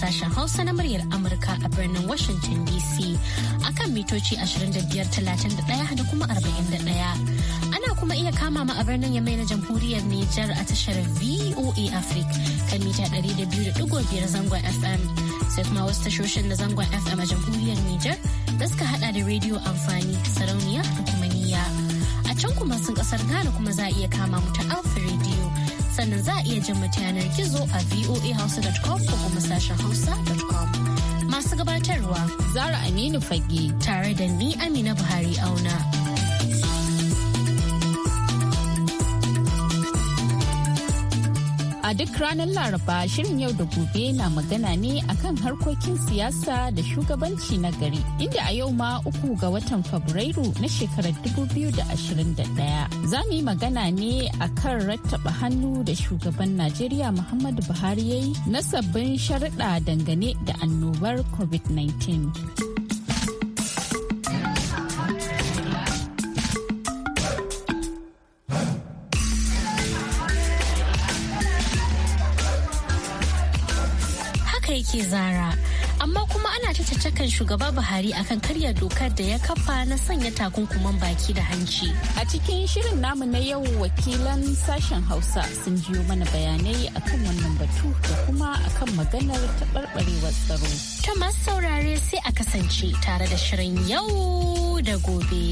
sashen Hausa na muryar Amurka a birnin Washington DC akan mitoci 2531 da kuma 41. Ana kuma iya kama ma a birnin Yamai na Jamhuriyar Nijar a tashar VOA Africa kan mita 200.5 zangon FM. Sai kuma wasu tashoshin na zangon FM a Jamhuriyar Nijar da suka hada da rediyo amfani sarauniya da kuma niyya. A can kuma sun kasar Ghana kuma za a iya kama mu ta Alpha Radio. sannan za a iya jin mata yanar gizo a voahouse.com ko kuma sashen hausa.com. Masu gabatarwa Zara Aminu Fage tare da ni Amina Buhari Auna. A duk ranar Laraba shirin yau da gobe na magana ne akan harkokin siyasa da shugabanci na gari inda a yau ma uku ga watan Fabrairu na shekarar 2021 za mu yi magana ne akan rattaba hannu da shugaban Najeriya Muhammadu Buhari yayi na sabbin sharaɗa dangane da annobar COVID-19. ke zara amma kuma ana ta cakan shugaba buhari akan karya dokar da ya kafa na sanya takunkuman baki da hanci a cikin shirin namu na yau wakilan sashen hausa sun jiyo mana bayanai akan wannan batu da kuma akan maganar taɓarɓarewar tsaro ta masu saurare sai a kasance tare da shirin yau da gobe.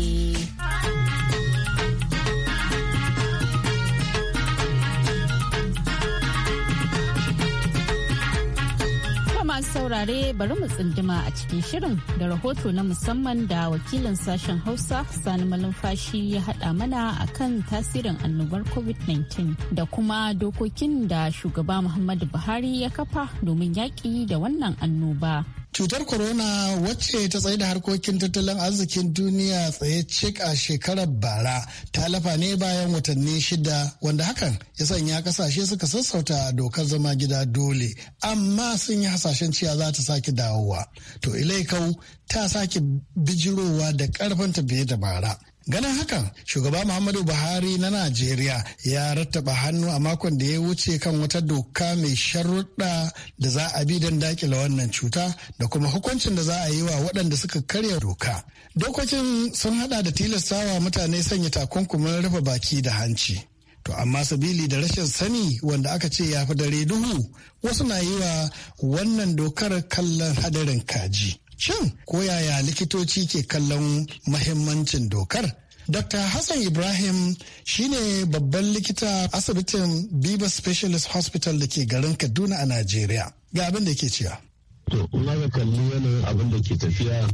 masu saurare bari mu tsinduma a cikin shirin da rahoto na musamman da wakilin sashen Hausa Sani Malumfashi ya haɗa mana a kan tasirin annobar COVID-19 da kuma dokokin da shugaba Muhammadu Buhari ya kafa domin yaƙi da wannan annoba. Cutar corona wacce ta tsaye da harkokin tattalin arzikin duniya tsaye cik a shekarar bara ta lafa ne bayan watanni shida wanda hakan ya sanya kasashe suka sassauta dokar zama gida dole amma sun yi hasashen cewa za ta sake dawowa. To ilaikau ta sake bijirowa da karfin fiye da bara. Ganin hakan, shugaba Muhammadu Buhari na Najeriya ya rattaba hannu a makon da ya wuce kan wata doka mai sharuɗa da za a bi don dakila wannan cuta da kuma hukuncin da za a yi wa waɗanda suka karya doka. Dokokin sun hada da tilastawa mutane sanya takunkumin rufe baki da hanci. To amma sabili da rashin sani wanda aka ce ya fi dare duhu wasu na yi wa wannan dokar kallon hadarin kaji. Shin ko yaya likitoci ke kallon mahimmancin dokar? Dr. Hassan Ibrahim shine babban likita asibitin Biba Specialist Hospital da ke garin Kaduna a Najeriya. Ga abin da ke cewa. To, kuma ga kalli yanayin abin da ke tafiya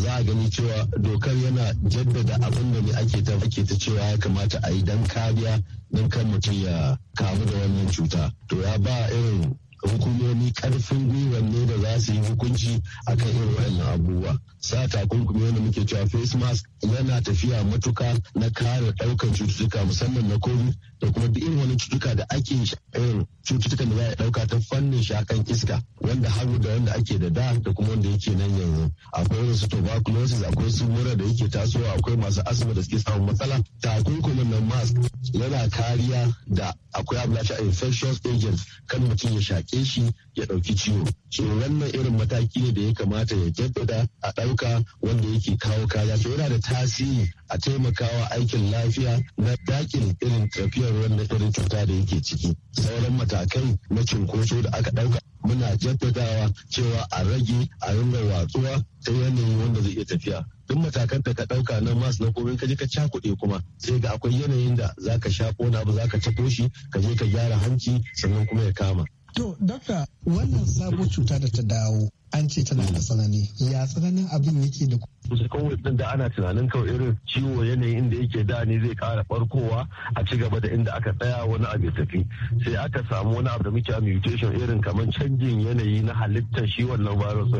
za a gani cewa dokar yana jaddada abin da ne ake ta ake ta cewa ya kamata a yi don kariya don kan mutum ya kamu da wannan cuta. To, ya ba irin hukumomi karfin gwiwar ne da za su yi hukunci akan irin wannan abubuwa sa takunkumi wanda muke cewa face mask yana tafiya matuka na kare daukan cututtuka musamman na covid da kuma duk irin wani cututtuka da ake irin cututtukan da za a dauka ta fannin shakan iska wanda har da wanda ake da da da kuma wanda yake nan yanzu akwai wasu tuberculosis akwai su mura da yake tasowa akwai masu asma da suke samun matsala takunkumin nan mask yana kariya da akwai abu infectious agents kan mutum ya shaki yaƙe shi ya ɗauki ciwo so wannan irin mataki ne da ya kamata ya jaddada a ɗauka wanda yake kawo kaya so yana da tasiri a taimakawa aikin lafiya na dakin irin tafiyar wannan irin cuta da yake ciki sauran matakai na cunkoso da aka ɗauka muna jaddadawa cewa a rage a ringa watsuwa ta yanayi wanda zai iya tafiya duk matakan da ka ɗauka na mas na komai ka je ka kuɗe kuma sai ga akwai yanayin da zaka sha ko na abu zaka cako shi ka je ka gyara hanci sannan kuma ya kama To, daka wannan sabo cuta da ta dawo an ce tana da tsanani. Ya tsananin abin yake da kusa kawai din da ana tunanin kawai irin ciwo yanayin inda yake da ne zai kara barkowa a ci gaba da inda aka tsaya wani abu ya tafi sai aka samu wani abu da muke mutation irin kamar canjin yanayi na halittar shi wannan virus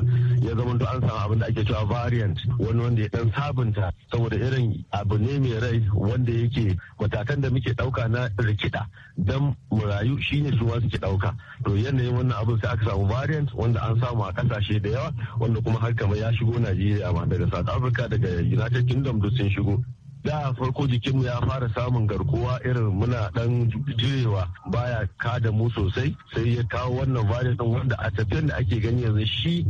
ya zama an samu abin da ake cewa variant wani wanda ya dan sabunta saboda irin abu ne mai rai wanda yake matakan da muke dauka na rikida dan mu rayu shine su wasu ke dauka to yanayin wannan abin sai aka samu variant wanda an samu a kasashe da yawa wanda kuma har kamar ya shigo Najeriya ma daga south africa daga united kingdom duk sun shigo da farko jikinmu ya fara samun garkuwa irin muna dan jirewa baya kada mu sosai sai ya kawo wannan virus din wanda a tafiyan da ake gani yanzu shi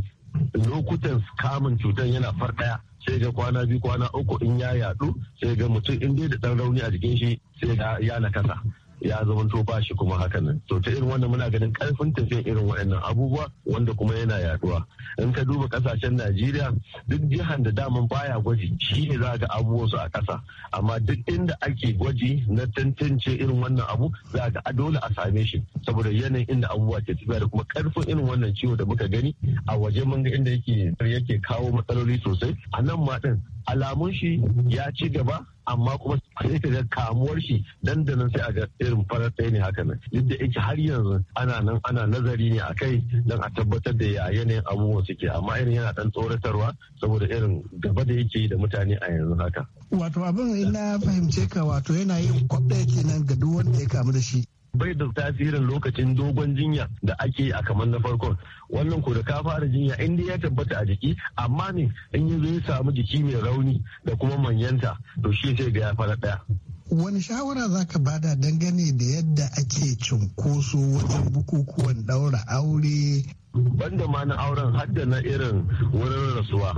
lokutan kamun cutar yana far daya sai ga kwana biyu kwana uku in ya yadu sai ga mutum in dai da dan rauni a jikin shi sai ya ya nakasa ya zamanto ba shi kuma haka nan to ta irin wannan muna ganin karfin tafiyan irin waɗannan abubuwa wanda kuma yana yaduwa in ka duba kasashen najeriya duk jihar da daman baya gwaji shi ne za ga su a ƙasa amma duk inda ake gwaji na tantance irin wannan abu za ga dole a same shi saboda yanayin inda abubuwa ke tafiya da kuma karfin irin wannan ciwo da muka gani a waje mun ga inda yake yake kawo matsaloli sosai a nan ma din alamun shi ya ci gaba amma kuma sai ka ga kamuwar shi dan da nan sai a ga irin farar ne haka nan duk da yake har yanzu ana nan ana nazari ne akai dan a tabbatar da ya yanayin abubuwan suke amma irin yana dan tsoratarwa saboda irin gaba da yake da mutane a yanzu haka wato abin ina fahimce ka wato yana yin kwabda kenan ga duk wanda ya kamu da shi bai da tasirin lokacin dogon jinya da ake a kamar na farko wannan ko da ka fara jinya in ya tabbata a jiki amma ne in yi zai ya samu jiki mai rauni da kuma manyanta to shi sai ga ya fara daya wani shawara za ka bada dangane da yadda ake cunkoso wajen bukukuwan daura aure banda ma na auren hadda na irin wurin rasuwa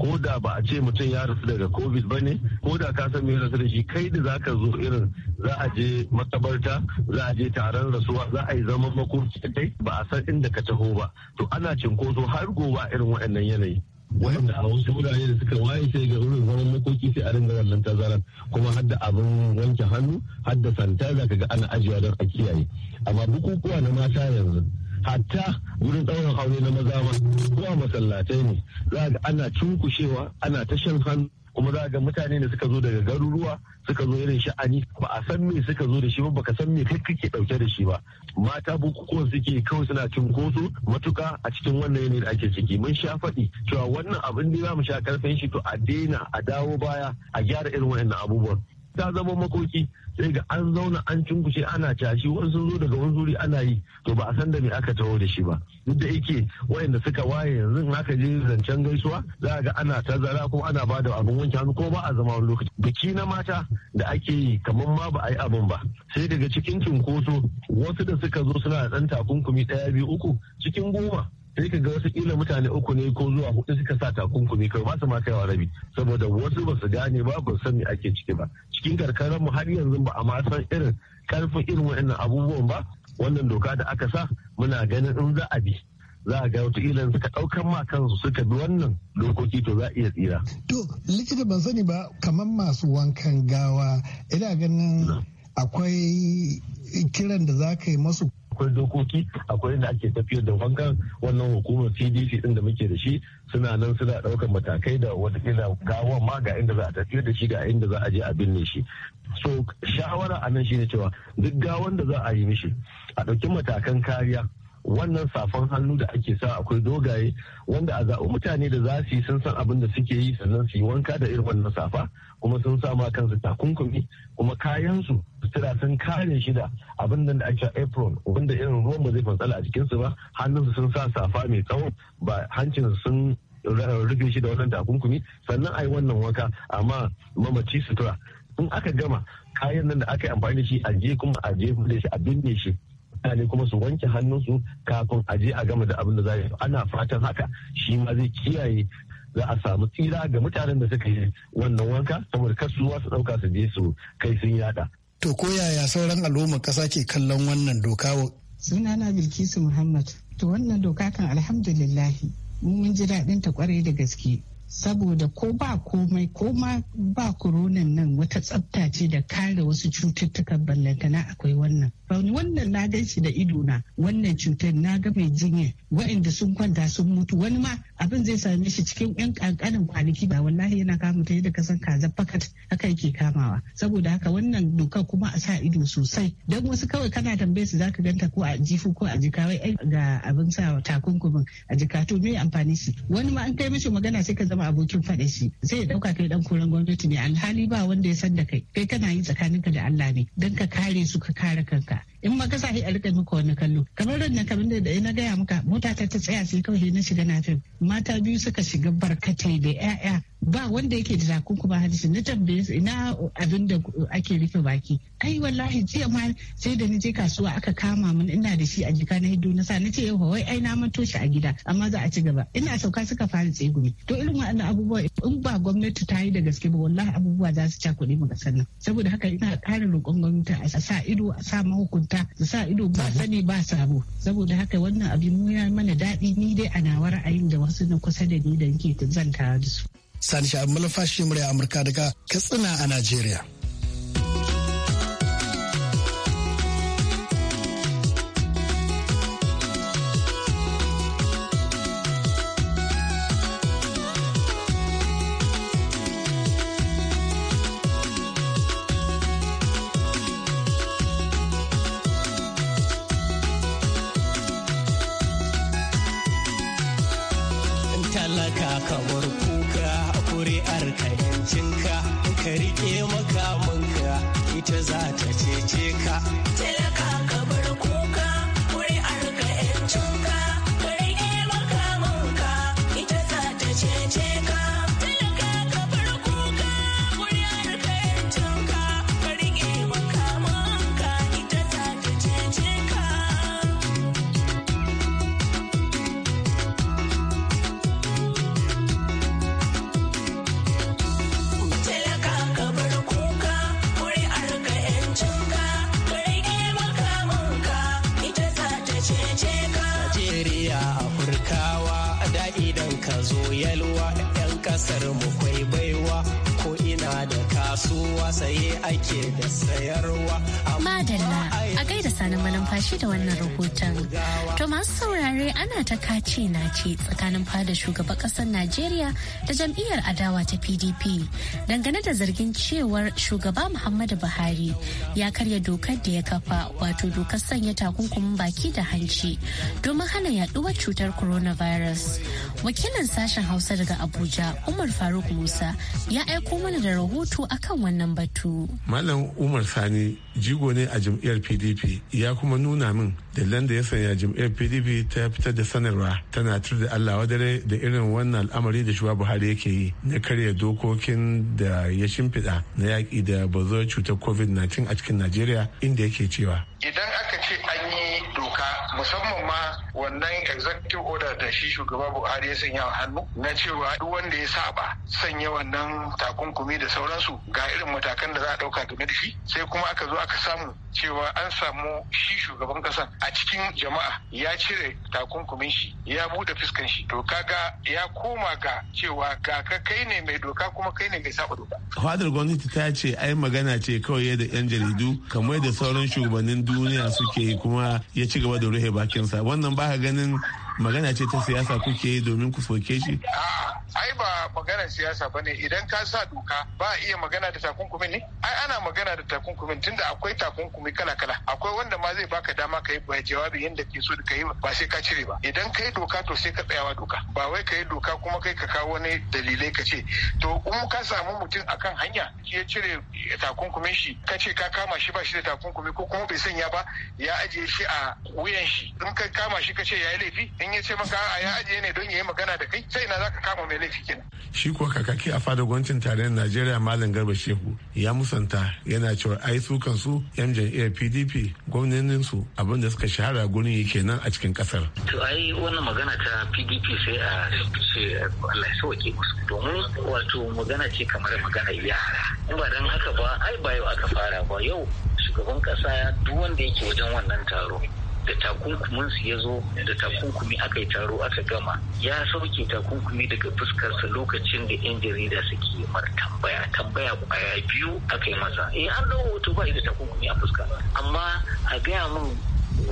ko da ba a ce mutum ya rasu daga covid ba ne ko da ka san mai rasu da shi kai da zaka zo irin za a je makabarta za a je taron rasuwa za a yi zaman makoci dai ba a san inda ka taho ba to ana cinkoso har gowa irin waɗannan yanayi wanda a wasu wurare da suka waye sai ga wurin zaman makoki sai a ringa wannan tazaran kuma har abin wanke hannu har santa zaka ga ana ajiya don a kiyaye amma bukukuwa na mata yanzu hatta wurin tsawon aure na maza ma kuma masallatai ne za ga ana cunkushewa ana ta shan hannu kuma za ga mutane da suka zo daga garuruwa suka zo irin sha'ani ba a san me suka zo da shi ba baka san me kai kake dauke da shi ba mata bukukuwan suke kawai suna cunkoso matuka a cikin wannan yanayi da ake ciki mun sha faɗi cewa wannan abin da za mu sha karfin shi to a daina a dawo baya a gyara irin wannan abubuwan ta zama makoki sai ga an zauna an cunkushe ana cashi wani sun zo daga wani zuri ana yi to ba a san da me aka taho da shi ba duk da yake wayanda suka waye yanzu in aka je zancen gaisuwa za ga ana tazara ko ana ba da abin wanke hannu ko ba a zama wani lokaci biki na mata da ake yi kamar ma ba a yi abin ba sai daga cikin cunkoso wasu da suka zo suna da ɗan takunkumi ɗaya biyu uku cikin goma sai ka ga wasu kila mutane uku ne ko zuwa hudu suka sa takunkumi kai ba su ma kaiwa rabi saboda wasu ba su gane ba ba san me ake ciki ba cikin karkarar mu har yanzu ba a ma san irin karfin irin waɗannan abubuwan ba wannan doka da aka sa muna ganin in za a bi za a ga ila suka ɗaukan ma kansu suka bi wannan dokoki to za a iya tsira. To likita ban sani ba kamar masu wankan gawa ina ganin akwai kiran da za ka yi masu akwai dokoki akwai inda ake tafiyar da wankan wannan hukumar cdc din da muke da shi suna nan suna ɗaukar matakai da wata gina gawan ma ga inda za a tafiyar da shi ga inda za a je a binne shi so shawara a nan shine cewa duk gawan da za a yi mishi a ɗauki matakan kariya wannan safan hannu da ake sa akwai dogaye wanda a zaɓi mutane da za su yi sun san abin da suke yi sannan su yi wanka da irin wannan safa kuma sun sa ma kansu takunkumi kuma kayansu su sutura sun kare shi da abin nan da ake apron wanda irin ruwan ba zai fantsala a jikinsu ba hannunsu sun sa safa mai tsawo ba hancin sun rufe shi da wannan takunkumi sannan a yi wannan wanka amma mamaci sutura in aka gama kayan nan da aka yi amfani da shi a je kuma a je da shi a binne shi mutane kuma su wanke hannunsu kafin a je a gama da abin da za yi ana fatan haka shi ma zai kiyaye za a samu tsira ga mutanen da suka yi wannan wanka saboda kasuwa su dauka su je su kai sun yada to ko yaya sauran al'umma kasa ke kallon wannan doka sunana bilkisu muhammad to wannan doka kan alhamdulillahi mun ji daɗin ta kwarai da gaske saboda ko ba komai ko ma ba koronan nan wata tsafta ce da kare wasu cututtukan ballantana akwai wannan rauni wannan na gan shi da ido na wannan cutar na ga mai jinya wa'inda sun kwanta sun mutu wani ma abin zai same shi cikin yan kankanin kwanaki ba wallahi yana kama ta yadda kasan kaza fakat haka yake kamawa saboda haka wannan doka kuma a sa ido sosai don wasu kawai kana tambaye su zaka ganta ko a jifu ko a jika wai ga abin sa takunkumin a jika to me amfani shi wani ma an kai mishi magana sai ka zama kuma abokin faɗa shi zai ya ɗauka kai ɗan koren gwamnati ne alhali ba wanda ya san da kai kai kana yi tsakaninka da Allah ne don ka kare su ka kare kanka in ma kasa a rika maka wani kallo kamar ran nan kamar da na gaya maka mota ta ta tsaya sai kawai na shiga na fim mata biyu suka shiga barkatai da 'ya'ya ba wanda yake da ba hadisi na tambaye su ina abin da ake rufe baki ai wallahi jiya ma sai da je kasuwa aka kama min. ina da shi a jika na hiddo na sa na ce yau wai ai na manto shi a gida amma za a ci gaba ina sauka suka fara tsegumi to irin waɗannan abubuwa in ba gwamnati ta yi da gaske ba wallahi abubuwa za su cakuɗe mu kasar nan saboda haka ina ƙara roƙon gwamnati a sa ido a sa mahukunta su sa ido ba sani ba sabo saboda haka wannan abin mu ya mana daɗi ni dai a nawa ra'ayin da wasu na kusa da ni da nke tara da su. Sani Sha'ib Malafashi murya Amurka daga Katsina a Najeriya. talaka ka ka yancinka ka riƙe makamanka ita za ta cece ka que desce. Madalla a gaida sanin manumfashi da wannan rahoton. To masu saurare ana ta kace na ce tsakanin fada shugaban ƙasar Najeriya da jam'iyyar adawa ta PDP dangane da zargin cewar shugaba Muhammadu Buhari ya karya dokar da ya kafa wato dokar sanya takunkumin baki da hanci domin hana yaduwar cutar coronavirus. Wakilin sashen Hausa daga Abuja Umar Faruk Musa ya aiko mana da rahoto akan wannan batu. Malam Umar Sani jigo ne a jam'iyyar pdp ya kuma nuna min dalilan da ya sanya jam'iyyar pdp ta fitar da sanarwa tana tur da allah wadare da irin wannan al'amari da shuwa buhari yake yi na karya dokokin da ya shimfiɗa na yaƙi da bazuwar cutar covid-19 a cikin najeriya inda yake cewa idan aka ce an yi doka musamman ma wannan executive order da shi shugaba buhari ya sanya hannu na cewa duk wanda ya saba sanya wannan takunkumi da sauransu ga irin matakan da za a dauka game da shi sai kuma aka zo aka samu cewa an samu shi shugaban kasan a cikin jama'a ya cire takunkumin shi ya bude fuskan shi to kaga ya koma ga cewa ga ka kai ne mai doka kuma kai ne mai saba doka fadar gwamnati ta ce ai magana ce kawai da yan jaridu kamar da sauran shugabannin duniya duniya suke kuma ya ci gaba da rufe bakinsa wannan ba ganin magana ce ta siyasa kuke yi domin ku soke shi ai ba maganar siyasa bane idan ka sa doka ba a iya magana da takunkumin ne ai ana magana da takunkumin tunda akwai takunkumi kala kala akwai wanda ma zai baka dama ka yi jawabi yanda ke so da ka yi ba sai ka cire ba idan ka yi doka to sai ka tsayawa doka ba wai ka yi doka kuma kai ka kawo wani dalilai ka ce to in ka samu mutum akan hanya ya cire takunkumin shi ka ce ka kama shi ba shi da takunkumi ko kuma bai sanya ba ya ajiye shi a wuyan shi in ka kama shi ka ce ya yi laifi in ya ce maka a ya ajiye ne don ya yi magana da kai sai na za ka kama mai laifi Shi kuwa kakaki a fadar gwancin tarayyar Najeriya Malam Garba Shehu ya musanta yana cewa ai su kansu yan jam'iyyar PDP gwamnanin su abinda suka shahara gurin yake nan a cikin kasar. To ai wannan magana ta PDP sai a Allah ya sauke musu domin wato magana ce kamar magana yara. In ba dan haka ba ai ba yau aka fara ba yau shugaban kasa duk wanda yake wajen wannan taro da takunkumin su ya zo da takunkumi aka yi taro aka gama ya sauke takunkumi daga fuskarsa lokacin da yan jarida suke mar tambaya tambaya kwaya biyu aka yi masa eh an dawo hoto ba da takunkumi a fuska amma a gaya mun.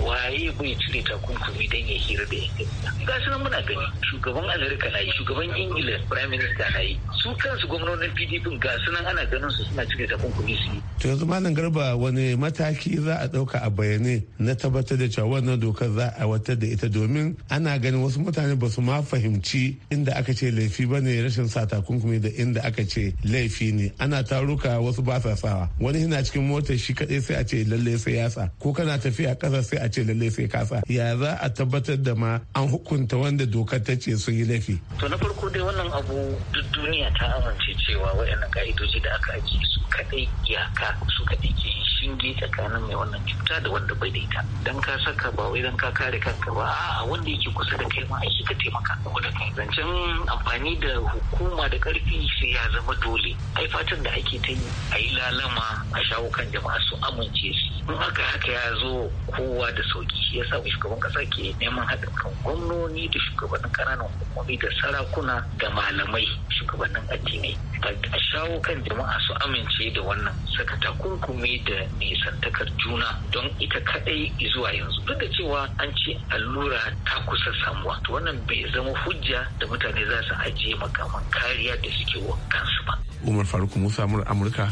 waye bai cire takunkumi don ya hira da ingila ga su muna gani shugaban amerika na yi shugaban ingila prime minister na yi su kansu gwamnonin pdp ga su nan ana ganin su suna cire takunkumi su yi to yanzu malam garba wani mataki za a ɗauka a bayanai na tabbatar da cewa wannan dokar za a watar da ita domin ana ganin wasu mutane ba su ma fahimci inda aka ce laifi ba ne rashin sa takunkumi da inda aka ce laifi ne ana taruka wasu ba sa sawa wani yana cikin motar shi kaɗai sai a ce lallai sai ya sa ko kana tafiya kasasa. sai a ce lallai sai kasa ya za a tabbatar da ma an hukunta wanda dokar ta ce sun yi laifi. to na farko dai wannan abu duk duniya ta amince cewa waɗannan ka'idoji da aka ajiye su kaɗai iyaka su kaɗai ke shinge tsakanin mai wannan cuta da wanda bai da ita dan ka saka ba wai dan ka kare kanka ba a wanda yake kusa da kai ma a shi ka taimaka ko da kai zancen amfani da hukuma da karfi sai ya zama dole ai fatan da ake ta yi a yi lalama a shawo kan jama'a su amince su in aka haka ya zo kowa da sauki shi ya samu shugaban kasa ke neman haɗin kan gwamnoni da shugabannin ƙananan hukumomi da sarakuna da malamai shugabannin addinai a shawo kan jama'a su amince da wannan saka takunkumi da nisantakar juna don ita kadai zuwa yanzu duk da cewa an ce allura ta kusa samuwa to wannan bai zama hujja da mutane za su ajiye makaman kariya da suke wa kansu ba umar faruk musa mur amurka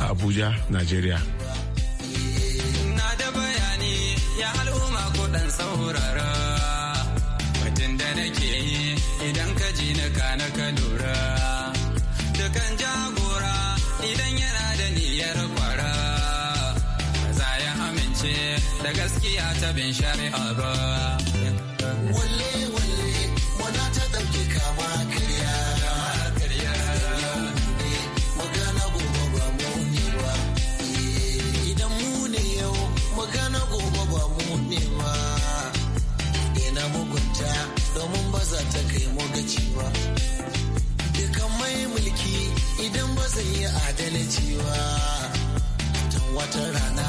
a abuja nigeria na da bayani ya al'umma saurara yi idan ka ji na ka lura dukan jagora da gaskiya ta bin shari'a ba. Walle walle wana ta ɗauki kama karya. Eh, magana eh, Idan mu ne yau magana gobe ba mu ne ba. Ina mugunta domin ba za ta kai mu gaci ba. Dukan mai mulki idan ba zai yi adalci ba. Tun wata rana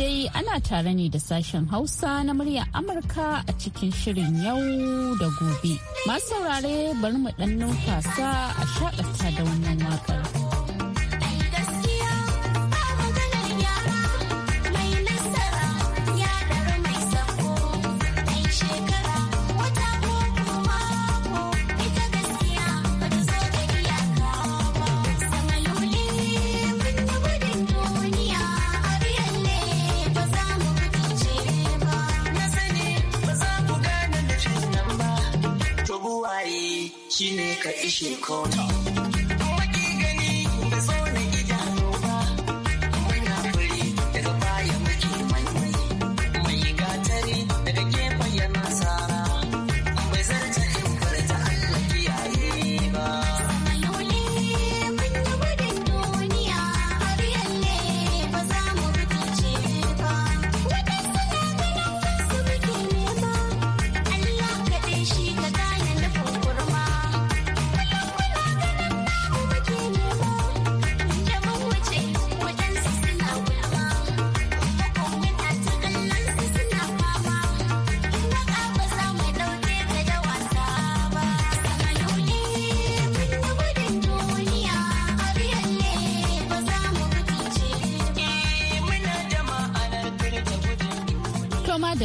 dai ana tare ne da sashen Hausa na muryar Amurka a cikin shirin yau da gobe. Masu saurare bari mu ɗan numfasa a shaƙata da wannan waƙar. She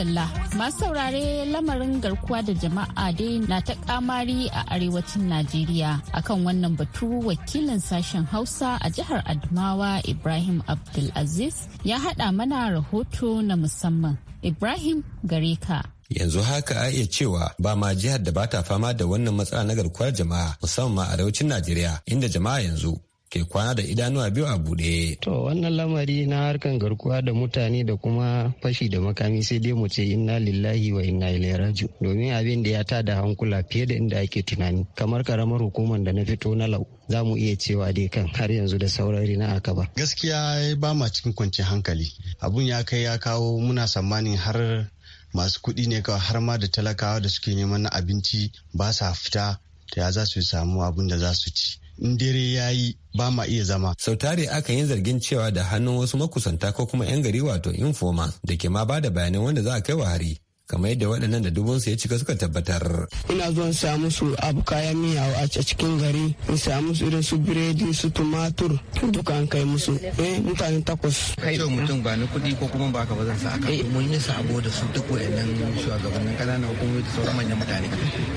madalla masu saurare lamarin garkuwa da jama'a dai na ta kamari a arewacin najeriya akan wannan batu wakilin sashen hausa a jihar adamawa ibrahim abdulaziz ya haɗa mana rahoto na musamman ibrahim gare ka yanzu haka a iya cewa ba ma jihar da bata fama da wannan matsala na garkuwar jama'a musamman a arewacin najeriya inda jama'a yanzu ke kwana da idanuwa biyu a buɗe. To wannan lamari na harkan garkuwa da mutane da kuma fashi da makami sai dai mu ce inna lillahi wa inna ilaihi raji'un domin abin da ya tada hankula fiye da inda ake tunani kamar karamar hukumar da na fito na lau za mu iya cewa dai kan har yanzu da saurari na aka ba. Gaskiya ba ma cikin kwanciyar hankali abun ya kai ya kawo muna tsammanin har masu kuɗi ne kawai har ma da talakawa da suke neman na abinci ba sa fita ta ya za su samu abin da za su ci. in dare ya yi ba ma iya zama. sau tare aka yi zargin cewa da hannun wasu makusanta ko kuma 'yan gari wato infoma da ke ma ba da bayanai wanda za a kai wa hari kamar yadda waɗannan da dubunsu ya cika suka tabbatar. Ina zuwa samu su abu kayan miya a cikin gari in samu su irin su biredi su tumatur duka kai musu eh mutane takwas. Kai da mutum ba ni kuɗi ko kuma ba ka bazan sa aka eh. mun yi sabo da su duk waɗannan shugabannin ƙananan hukumomi da sauran manyan mutane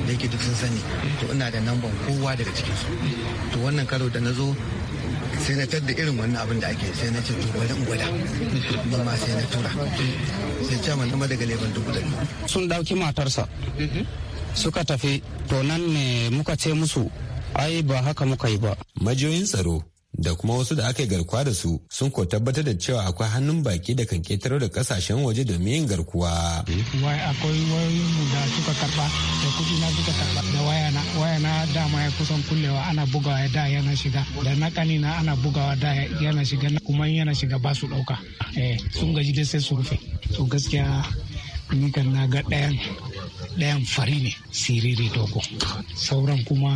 da yake duk sun sani to ina da namban kowa daga cikin su to wannan karo da na zo sai na tar da irin wannan abin da ake sai na ce to bari gwada ni ma sai na tura sai chairman na daga leban dubu da sun dauki matarsa mm-hmm. suka tafi to nan ne muka ce musu ai ba haka muka yi ba majiyoyin tsaro da kuma wasu da aka yi garkuwa da su sun ko tabbatar da cewa akwai hannun baki da kan ketaro da kasashen waje domin yin garkuwa. Wai akwai wayoyinmu da suka karba da kuɗi na suka karba da wayana wayana dama ya kusan kullewa ana bugawa ya da yana shiga da na kanina ana bugawa da yana shiga kuma yana shiga ba su ɗauka. Eh, sun gaji da sai su rufe. To gaskiya ni kan na ga ɗayan ɗayan fari ne siriri dogo sauran kuma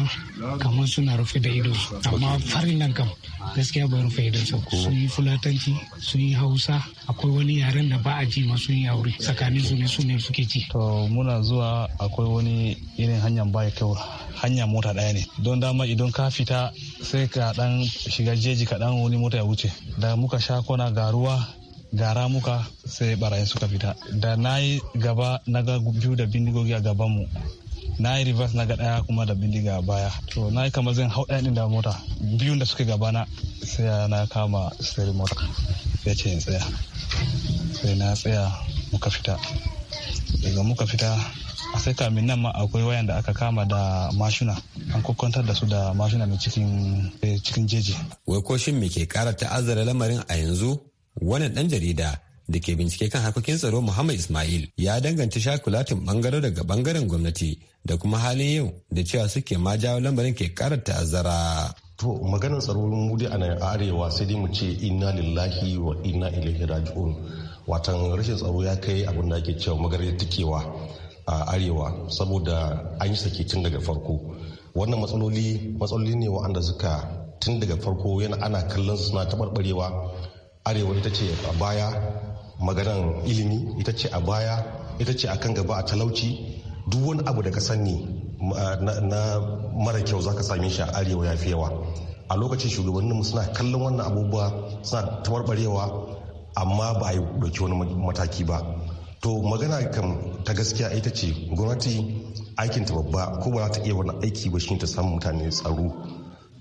kamar suna rufe da ido amma farin nan kam gaskiya bai rufe idan sa sun yi fulatanci sun yi hausa akwai wani yaren da ba a ji ma sun yi aure tsakanin su ne su ne suke ji to muna zuwa akwai wani irin hanyar baya kyau hanya mota ɗaya ne don dama idan ka fita sai ka dan shiga jeji ka kaɗan wani mota ya wuce da muka sha kona garuwa. ga ramuka sai barayin suka fita da na yi gaba na ga biyu da bindigogi a gabanmu na yi reverse na ga daya kuma da bindiga baya to na yi kamar zan hau ɗayan da mota biyun da suke gabana sai na kama steering mota ya ce tsaya sai na tsaya muka fita daga muka fita a sai kamin nan ma akwai wayan da aka kama da mashina an kwakwantar da su da mashina mai eh, cikin jeji wai ko shin me ke kara ta'azzara lamarin a yanzu wannan dan jarida da ke bincike kan harkokin tsaro Muhammad Ismail ya danganta shakulatin bangare daga bangaren gwamnati da kuma halin yau da cewa suke ma jawo lambarin ke kara ta'azzara. To maganar tsaro mu dai a arewa sai dai mu ce inna lillahi wa inna ilaihi raji'un. Watan rashin tsaro ya kai abin da ake cewa maganar tikewa a arewa saboda an yi sake tun daga farko. Wannan matsaloli matsaloli ne wa'anda suka tun daga farko yana ana kallon suna taɓarɓarewa arewa ita ce a baya maganan ilimi ita ce a baya ita ce kan gaba a talauci duk wani abu da ka sani na mara kyau za ka same shi a arewa ya fi yawa a lokacin shugabanninmu suna kallon wannan abubuwa suna tabarbarewa amma ba a yi ɗauki wani mataki ba to magana kan ta gaskiya ita ce gwamnati aikin ta babba ko ba za ta iya wani aiki ba shi ta samun mutane tsaro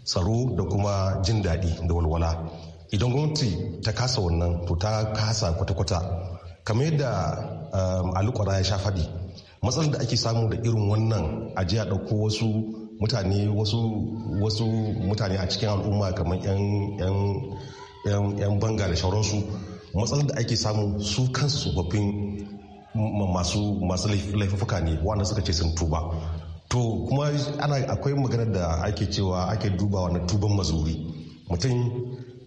tsaro da kuma jin daɗi da walwala idan gwamnati ta kasa wannan to ta kasa kwata-kwata kamar yadda um, alukwara ya sha faɗi matsalar da ake samu da irin wannan aje a ɗauko wasu mutane wasu mutane a cikin al'umma kamar 'yan banga da shauransu matsalar da ake samu su kansu babbin masu laifuka ne wanda suka ce sun tuba to kuma ana akwai maganar da ake cewa ake dubawa na tuban mazuri mutum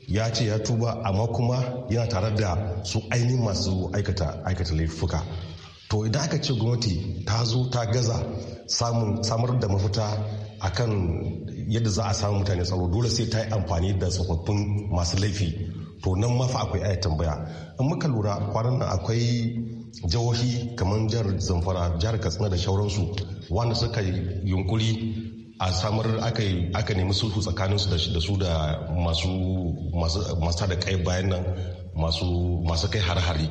ya ce ya tuba amma kuma yana tare da su ainihin masu aikata laifuka to idan aka ce gwamnati ta zo ta gaza samar da mafita akan yadda za a samu mutane tsaro dole sai ta yi amfani da tsofaffin masu laifi to nan ma akwai aya tambaya in muka lura kwanan nan akwai jihohi kamar jihar zamfara jihar katsina da shauransu wanda suka yi yunkuri a samar aka nemi sulhu su da su da masu da kai bayan nan masu kai har-hari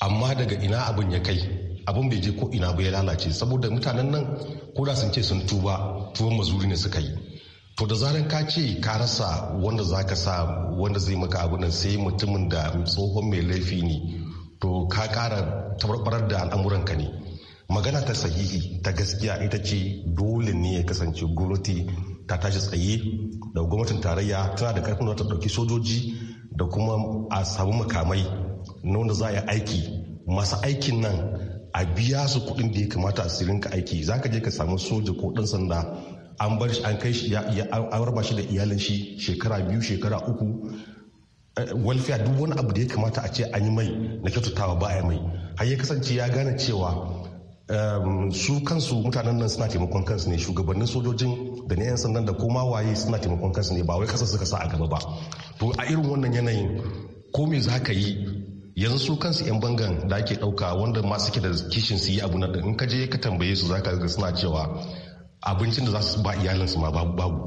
amma daga ina abin ya kai abin bai je ko ina ba ya lalace saboda mutanen nan ko da sun ce sun tuba tuwon mazuri ne suka yi to da zaran ka ce ka rasa wanda za ka sa wanda zai maka abu abunan sai mutumin da tsohon mai laifi ne to ka kara tabarbarar da al'amuranka ne magana ta sahihi ta gaskiya ita ce dole ne ya kasance gwamnati ta tashi tsaye da gwamnatin tarayya tana da karfin da ta ɗauki sojoji da kuma a samu makamai na wanda za a yi aiki masu aikin nan a biya su kuɗin da ya kamata a sirinka aiki za ka je ka samu soja ko ɗan sanda an bar shi an kai shi an raba shi da iyalin shi shekara biyu shekara uku eh, walfiya duk wani abu da ya kamata a ce an yi mai na kyautatawa ba a mai har ya kasance ya gane cewa Ehm, su kansu mutanen nan suna taimakon kansu ne shugabannin sojojin da na 'yan sandan da koma waye suna taimakon kansu ne ba wai kasa suka sa a gaba ba to a irin wannan yanayin ko me za ka yi yanzu su kansu 'yan bangan da ake ɗauka wanda ma suke da kishin su yi abu na in ka je ka tambaye su za ka ga suna cewa abincin da za su ba su ma babu babu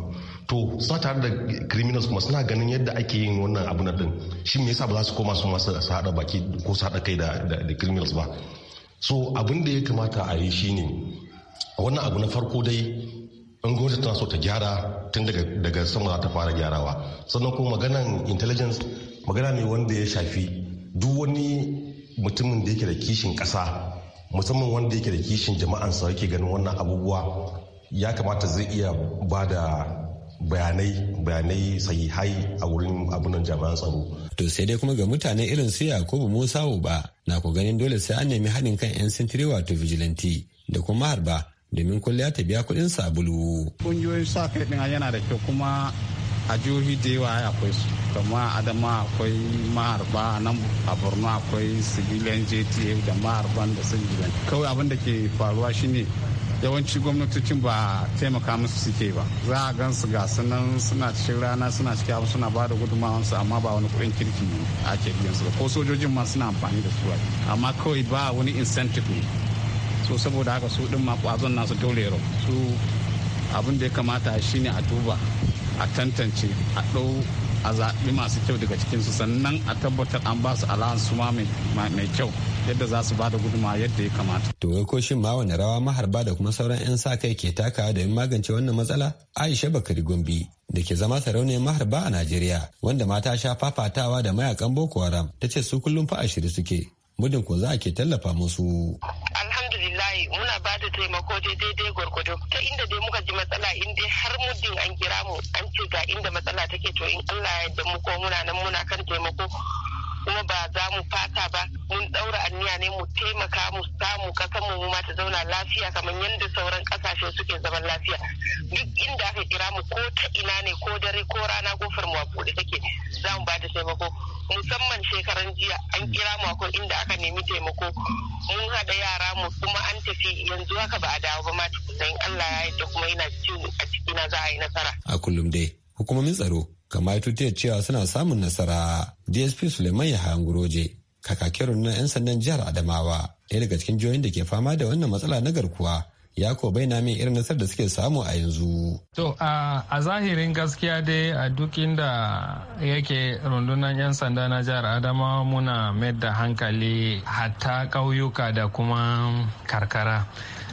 to suna tare da criminals kuma suna ganin yadda ake yin wannan abu na din shi me yasa ba za su koma su masu su baki ko su haɗa kai da criminals ba so abin da ya kamata a yi shine wannan abu na farko dai in gwamnati tana so ta gyara tun daga sama ta fara gyarawa sannan kuma maganan intelligence magana ne wanda ya shafi duk wani mutumin da yake da kishin kasa musamman wanda yake da kishin jama'ansa yake ganin wannan abubuwa ya kamata zai iya ba da bayanai bayanai sahihai a wurin abunan jami'an tsaro. To sai dai kuma ga mutane irin su Yakubu Musa ba na ku ganin dole sai an nemi haɗin kan 'yan sintiri wato vigilante da kuma harba domin kulle ta biya kuɗin sabulu. kungiyoyin sa kai ɗin yana da kyau kuma a jihohi da yawa akwai su kama adama akwai maharba nan a borno akwai civilian jta da maharban da sun kawai abin da ke faruwa shine yawanci gwamnatocin ba taimaka musu suke ba za a gan su ga sunan suna cikin rana suna cikin abu suna ba da su amma ba wani kuɗin kirki ake biyan su ba ko sojojin ma suna amfani da su amma kawai ba wani incentive ne so saboda haka su din ma kwazon nasu dole su abin da ya kamata shi ne a duba a tantance a ɗau a zaɓi masu kyau daga cikinsu sannan a tabbatar an ba su alawansu ma mai kyau yadda za su ba da guduma yadda ya kamata. To ko shin ma wani rawa maharba da kuma sauran 'yan sa kai ke takawa da magance wannan matsala? Aisha Bakari Gombe da ke zama sarauniyar maharba a Najeriya wanda mata sha fafatawa da mayakan Boko Haram ta ce su kullum fa shiri suke. Muddin ko za a ke tallafa musu. Alhamdulillahi muna ba da taimako daidai gwargwado ta inda dai muka ji matsala in dai har muddin an kira mu an ce ga inda matsala take to in Allah ya yarda mu ko muna nan muna kan taimako kuma ba za mu fata ba mun ɗaura anniya ne mu taimaka mu samu kasan mu ma ta zauna lafiya kamar yadda sauran kasashe suke zaman lafiya duk inda aka kira mu ko ta ina ne ko dare ko rana gofar mu a buɗe take za mu ba ta taimako musamman shekaran jiya an kira mu akwai inda aka nemi taimako mun haɗa yara mu kuma an tafi yanzu haka ba a dawo ba ma tukunan Allah ya da kuma yana ciwo a cikina za a yi nasara. A kullum dai hukumomin tsaro kamar tutiyar cewa suna samun nasara dsp suleiman ya hanguroje kakakin na 'yan sandan jihar adamawa ɗaya daga cikin jihohin da ke fama da wannan matsala na garkuwa ya ko bayyana min irin nasar da suke samu a yanzu. To a zahirin gaskiya dai a duk inda yake rundunar 'yan sanda na jihar Adamawa muna mayar da hankali hatta ƙauyuka da kuma karkara.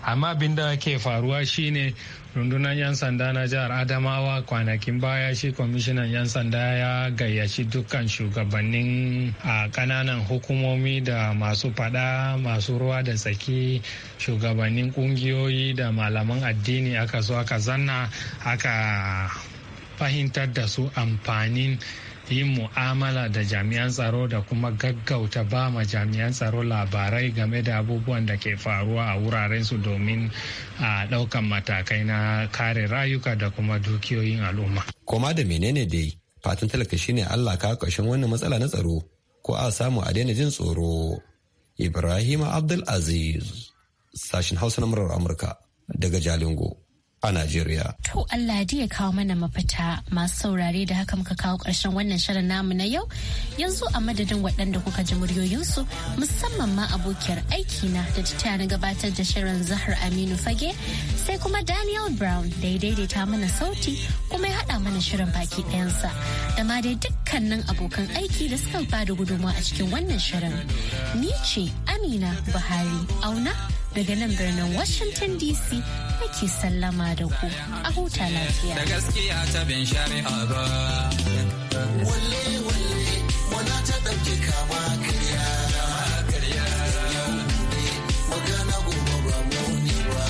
Amma abin da ke faruwa shine rundunar 'yan sanda na jihar adamawa kwanakin baya shi kwamishinan 'yan sanda ya gayyaci dukkan shugabannin a kananan hukumomi da masu fada masu ruwa da tsaki shugabannin kungiyoyi da malaman addini aka zo aka zanna aka fahimtar da su amfanin yin mu'amala da jami'an tsaro da kuma gaggauta ba ma jami'an tsaro labarai game da abubuwan da ke faruwa a wuraren su domin a ɗaukan matakai na kare rayuka da kuma dukiyoyin al'umma. Koma da menene dai fatan talaka shine Allah ka kashin wannan matsala na tsaro ko a samu a daina jin tsoro. Ibrahim Abdul Aziz sashin Hausa na murar Amurka daga Jalingo a Najeriya. To Allah ya kawo mana mafita masu saurare da haka muka kawo ƙarshen wannan shirin namu na yau yanzu a madadin waɗanda kuka ji muryoyinsu musamman ma abokiyar aiki na da ta na gabatar da shirin Zahar Aminu Fage sai kuma Daniel Brown da ya daidaita mana sauti kuma ya haɗa mana shirin baki ɗayansa da ma dai dukkanin abokan aiki da suka bada gudunmawa a cikin wannan shirin. Ni ce Amina Buhari auna daga nan birnin Washington DC nake sallama da ku a huta lafiya. Da gaskiya ta bin shari'a ba. Walle walle wana ta ɗauke kama kariya. Magana gobe ba mu ne ba.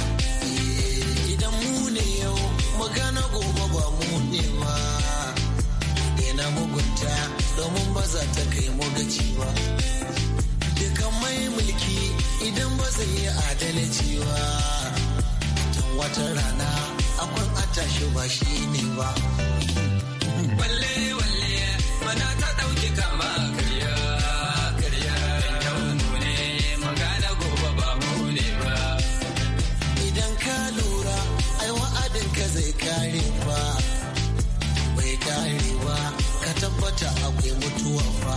Idan mu ne yau magana gobe ba mu ne ba. Ina mugunta domin ba ta kai mu ba. Dukan mai mulki idan ba zai yi adalci ba tun wata rana akwai atashi ba shi ne ba balle balle mana ta ɗauki kama karya karya ne magana gobe ba mu ne ba idan ka lura ai wa'adin ka zai kare ba bai kare ba ka tabbata akwai mutuwa fa